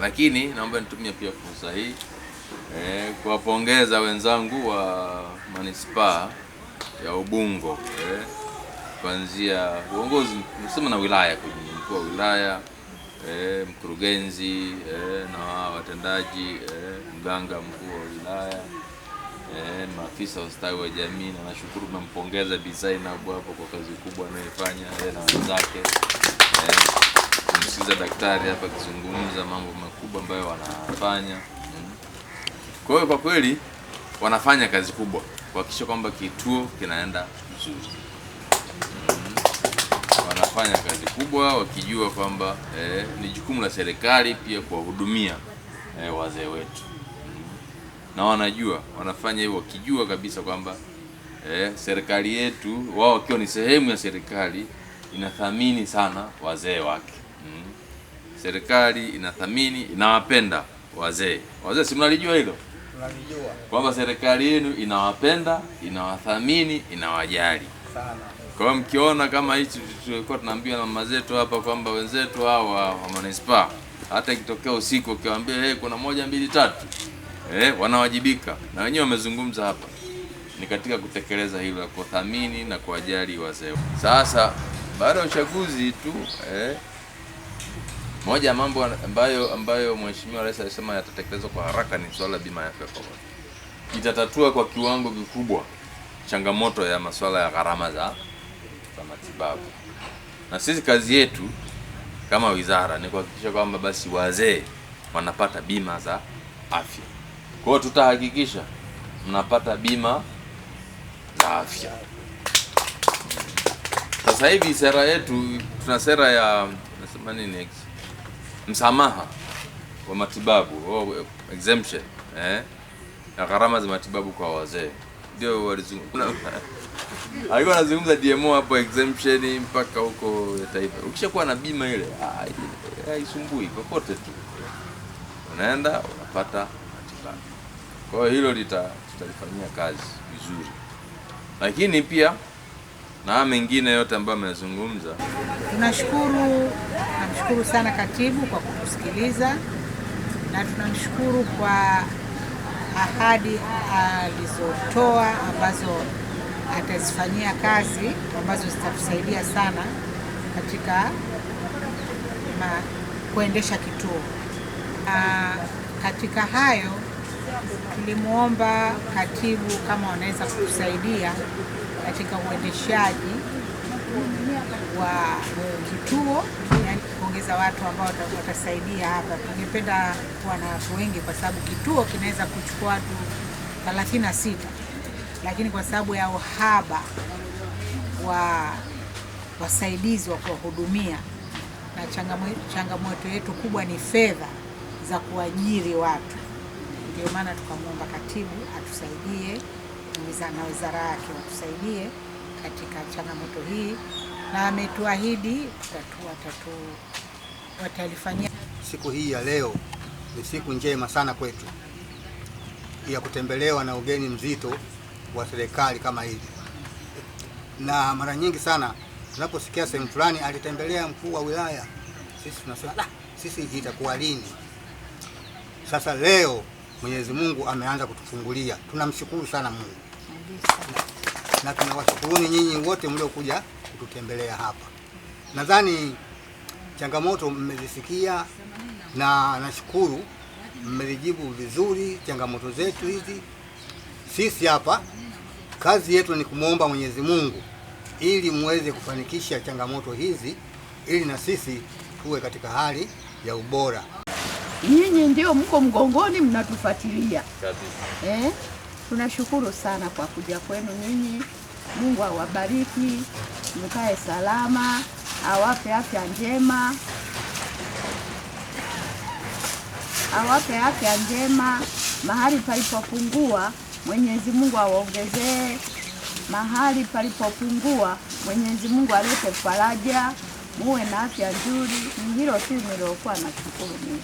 lakini naomba nitumie pia fursa hii eh, kuwapongeza wenzangu wa manispaa ya Ubungo eh, kuanzia uongozi msema na wilaya kwenye mkuu wa wilaya eh, mkurugenzi eh, na watendaji eh, mganga mkuu wa wilaya eh, maafisa ustawi wa jamii, na nashukuru nampongeza designer hapo kwa kazi kubwa anayofanya yeye eh, na wenzake eh. Tumemsikiza daktari hapa akizungumza mambo makubwa ambayo wanafanya. Kwa hiyo kwa kweli wanafanya kazi kubwa kuhakikisha kwamba kituo kinaenda vizuri. Wanafanya kazi kubwa wakijua kwamba eh, ni jukumu la serikali pia kuwahudumia eh, wazee wetu na wanajua wanafanya hivyo wakijua kabisa kwamba eh, serikali yetu wao wakiwa ni sehemu ya serikali inathamini sana wazee wake mm. Serikali inathamini, inawapenda wazee. Wazee si mnalijua hilo, tunalijua kwamba serikali yenu inawapenda, inawathamini, inawajali sana. Kwa hiyo mkiona kama hichi tulikuwa tunaambia na mama zetu hapa kwamba wenzetu hawa wa manispaa, hata ikitokea usiku ukiwaambia hey, kuna moja mbili tatu eh, wanawajibika na wenyewe wamezungumza hapa ni katika kutekeleza hilo la kuthamini na kuwajali wazee. Sasa baada ya uchaguzi tu eh, moja ya mambo ambayo ambayo Mheshimiwa Rais alisema yatatekelezwa kwa haraka ni swala bima ya afya kwa wote. Itatatua kwa kiwango kikubwa changamoto ya masuala ya gharama za za matibabu, na sisi kazi yetu kama wizara ni kuhakikisha kwamba basi wazee wanapata bima za afya. Kwa hiyo tutahakikisha mnapata bima za afya. Sasa hivi sera yetu, tuna sera ya nasema nini msamaha wa matibabu oh, exemption eh, na gharama za matibabu kwa wazee ndio walizungumza. Alikuwa anazungumza DMO hapo exemption mpaka huko ya taifa. Ukishakuwa na bima ile haisumbui popote tu, unaenda unapata matibabu. Kwa hiyo hilo litalifanyia kazi vizuri, lakini pia na mengine yote ambayo amezungumza. Tunashukuru, namshukuru sana katibu kwa kutusikiliza na tunamshukuru kwa ahadi alizotoa ambazo atazifanyia kazi ambazo zitatusaidia sana katika ma, kuendesha kituo. Aa, katika hayo tulimwomba katibu kama wanaweza kutusaidia katika uendeshaji wa eh, kituo, yani kuongeza watu ambao watasaidia hapa. Tungependa kuwa na watu wengi, kwa sababu kituo kinaweza kuchukua watu 36 lakini kwa sababu ya uhaba wa wasaidizi wa kuwahudumia na changamoto yetu kubwa ni fedha za kuajiri watu, ndio maana tukamwomba katibu atusaidie na wizara yake watusaidie katika changamoto hii, na ametuahidi tatu watalifanyia. Siku hii ya leo ni siku njema sana kwetu ya kutembelewa na ugeni mzito wa serikali kama hivi, na mara nyingi sana tunaposikia sehemu fulani alitembelea mkuu wa wilaya, sisi tunasema ah, sisi itakuwa lini? Sasa leo Mwenyezi Mungu ameanza kutufungulia, tunamshukuru sana Mungu na tunawashukuruni nyinyi wote mliokuja kututembelea hapa. Nadhani changamoto mmezisikia na nashukuru mmezijibu vizuri changamoto zetu hizi. Sisi hapa kazi yetu ni kumwomba Mwenyezi Mungu ili muweze kufanikisha changamoto hizi, ili na sisi tuwe katika hali ya ubora nyinyi ndio mko mgongoni mnatufuatilia eh? Tunashukuru sana kwa kuja kwenu nyinyi. Mungu awabariki, mkae salama, awape afya njema, awape afya njema. Mahali palipopungua Mwenyezi Mungu awaongezee, mahali palipopungua Mwenyezi Mungu alete faraja, muwe na afya nzuri. Ni hilo tu niliokuwa nashukuru mimi.